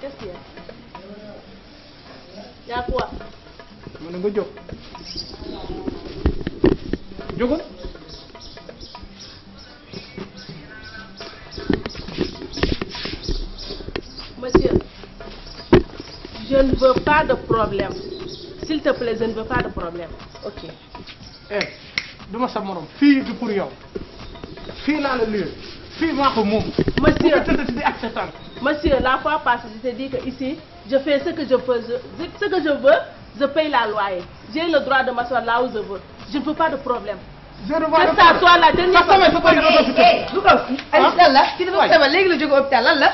Qu'est-ce qu'il y na nga jóg jógal monsieur je ne veux pas de problème s'il te plaît je ne veux pas de problème ok eh duma sa morom fii du pour yow fii laa la luye fii maa ko moom. monsieur di ak sa tànk. monsieur la fois passée je t'ai dit que ici je fais ce que je peux je ce que je veux je paye la loyer j'ai le droit de m'asseoir là où je veux je ne veux pas de problème. je ne vois pas que ça soit la dernière fois. parce que sama sama léegi la jóge hôpital lan la.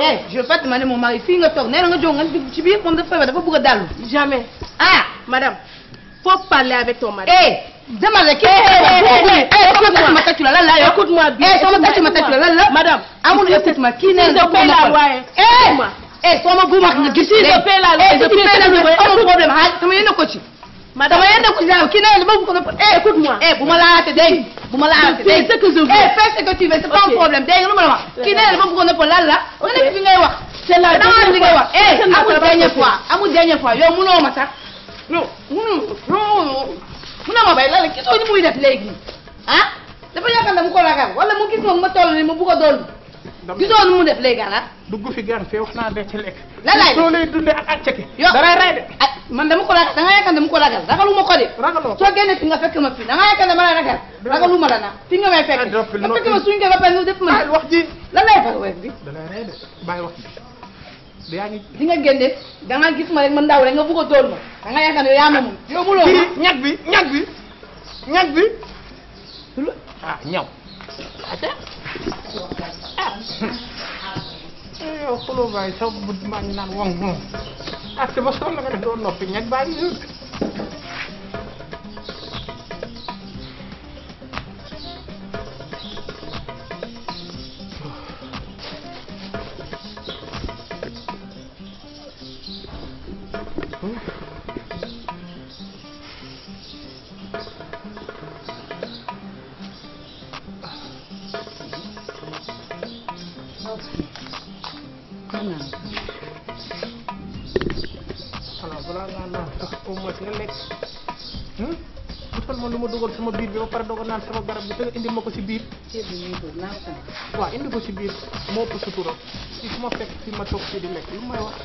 eh je Fatima ne mon mari fii nga toog nee na nga jóg nga dugg ci biir moom dafa feebar dafa bëgg a dalu. jamais ah madame faut parler avec ton mari. eh demal rek kii sama ma la lan eh, la yow écoute-moi bien ma tàccu la lan eh, eh, la madame amul écoute-moi kii nee na ma la waaye eh soo ma buuma nga gis si la eh si kii nee na ko eh écoute-moi eh bu ma bu ma laate dégg c'est ce que je la wax kii nee na ma bëggoon nekk fi ngay wax c'est la dernière fois eh amul dernière fois ma sax rek gisoo ni muy def léegi ah dafa yaakaar ne mu ko ragal wala mu gis moom ma toll nii ma bugg a doon. gisoo ni mu def léegi ala. dugg fi gan fee wax naa de ci lekk. la laay soo lay dundee ak àcc ki. yo da lay rey de. ah man dama ko ragal da nga yaakaar mu ko ragal ragaluma ko de. ragaloo soo génnee fi nga fekk ma fi da nga yaakaar ne ma la ragal. ragaluma la na fi nga may fekk. ay dëpp la fekk ma suñu ko ba pare def ma. wax ji la lay fa weer bi. da lay rey de li nga génne da gis ma rek man ndaw rek nga bugg a doon ma a nga yaakaar ne ma moom. yow mu loolu ñag ñag bi ah ñaw ate ah yow xuloo bàyyi wong moom atte ah, la nga def doo noppi ñag baa ngi au moins nga lekk hmm? utal ma lu ma dugal sama biir bi ba pare dogal naan sama garab bi te indi ma ko si biir. waaw indi ko si biir moo ëpp sutura si su ma fekk ma toog si di lekk lu may wax.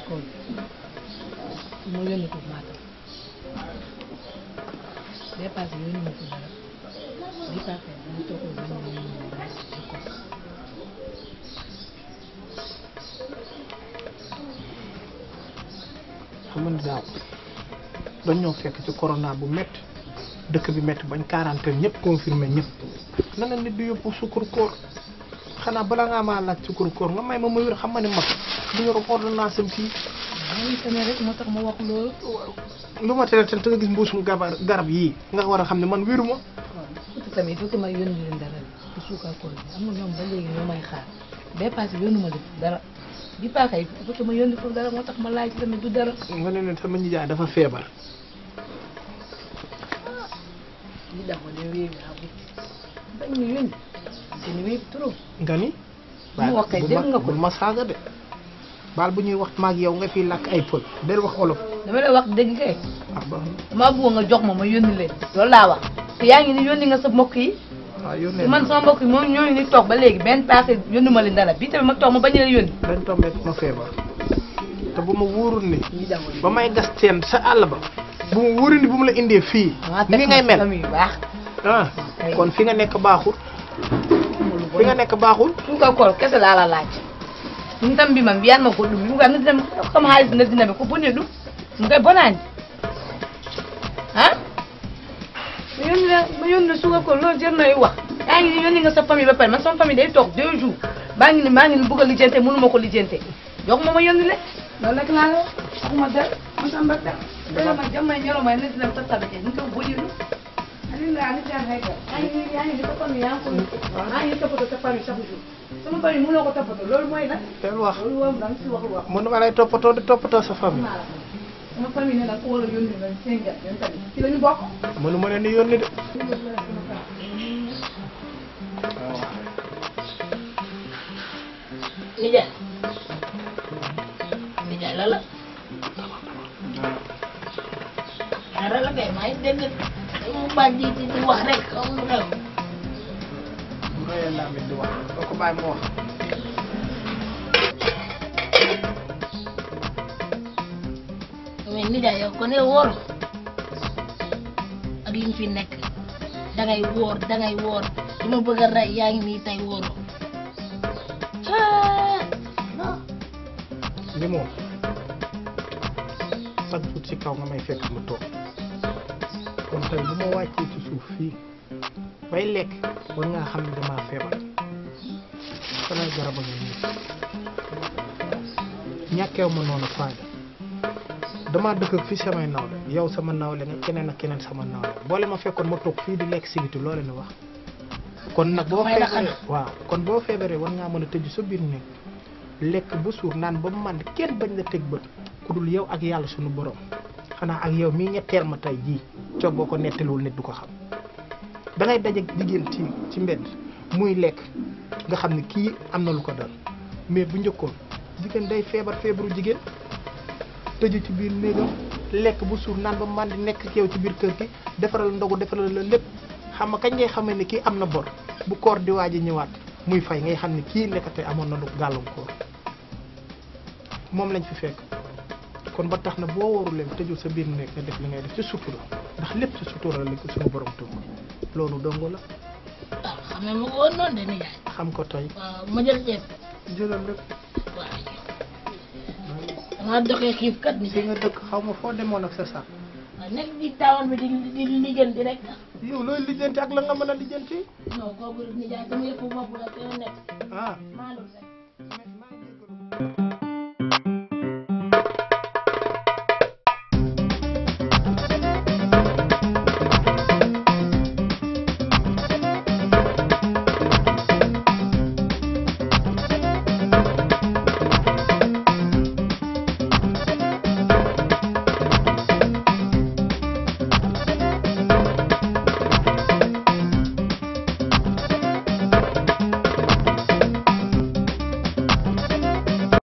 d'accord ma yónni ko dañ ñoo fekk ci corona bu métti dëkk bi métti bañ quarantaine ñëpp confirmé ñëpp na la nit di yóbbu sukkur koor xanaa bala ngaa maa laaj sukkur koor nga may ma ma wér xam nga ne mag. du yoroon ordonnance am fii. moo tax ma wax loolu. lu ma tere tere te nga gis mbuusum gabar garab yii nga war a xam ne man wéru ma. waaw tamit il faut que ma yónni leen dara ma def dara bi tax ma laaj tamit du dara. nga ne leen sama dafa feebar. ñu dàqoon ne ni. bu ma bu ma saaga de. baal bu ñuy wax maak yow nga fi làkk ay pël del wax olof. dama lay wax dégg kay. ah bon damaa nga jox ma ma yónni leen. loolu laa wax te yaa ngi yoon yónni nga sa mbokk yi. waaw ah, man sama mbokk yi moom ñooñu ni toog ba léegi benn paase yónni ma leen dara bii tamit ma toog ma bañ a yónni. dañ toog ma feebar te bu ma wóorul ni. ba may gas teen sa àll ba. bu ma wóorul ni bu mu la indee fii. ni ngay mel ah kon fi nga nekk baaxul. fi nga nekk baaxul. suukar koor kese ɗum tan mbimam wiyanma goɗɗum ɗum kam noddinami kam haalis noddinami ko boni ɗum ɗum kay bonani ha mi yonnira mi yonnira suga ko lo ceerno e wa yaangini yonninga sa famille ba pare man sama famille day toog deux jours mbangini mbangini buga lijjante mënuma ko lijjante jox moma yonnile loolu rek laa la waxuma dara masamba dara ɗolama jamma e ñoroma e noddinami tattaɓe ke ɗum kam boni ɗum alhamdulillah ani tan hayga ani ani ko famille yanko ani topoto sa famille chaque jour sa bëri mënoo ko toppatoo loolu mooy lan. teel wax loolu moom da nga si waxul wax. mën ma lay toppatoo di toppatoo sa famille. sama famille ne da nga ko war a yónni ba seen jàpp la ñu bokk. mënu ma leen di yónni de. Nijaay Nijaay la mu bàjji di leen laa mel doo ko bàyyi mu wax. mais nijaay yow kon ak li mu fi nekk dangay wóor dangay wóor li ma bëgg a rey yaa ngi nii tey wóoroo. li moom chaque jour ci kaw nga may fekk mu toog kon tey bu ma wàccee ci suuf fii. bay lekk war ngaa xam ne damaa feebar sama garab a ngi nii ñàkkeew ma noonu faaja damaa dëkk ak fi samay nawle yow sama nawle nga keneen ak keneen sama nawle boole ma fekkoon ma toog fii di lekk sigitu loole ni wax kon nag boo feebaree waaw kon boo feebaree war ngaa mën a tëju sa biir néeg lekk bu suur naan ba man kenn bañ la teg bët ku dul yow ak yàlla sunu borom xanaa ak yow mii ñetteel ma tey jii coow boo ko nettaliwul nit du ko xam dangay ngay dajeeg jigéen ci ci mbedd muy lekk nga xam ne kii am na lu ko dal mais bu njëkkoon jigéen day feebar feebaru jigéen tëju ci biir néegam lekk bu suur naan ba man di nekk ak yow ci biir kër gi defaral ndogu defaral la lépp xam kañ ngay xamee ne kii am na bor bu koor di waaj a ñëwaat muy fay ngay xam ne kii nekkate amoon na lu gàllankoor moom lañ fi fekk kon ba tax na boo waruleen tëju sa biir néeg nga def la ngay def ci sutura ndax lépp ci sutura borom tuub loolu dong la. waaw xam nga ma woon noonu de nijaay. xam ko tooy. waaw ma jël ceeb. jëlal rek. waaw. xiif kat nijaay. fi nga dëkk xaw ma foo demoon ak sa sax. nekk di taawon bi di di rek. yow looy lijjanti ak la nga mën a lijjanti. ah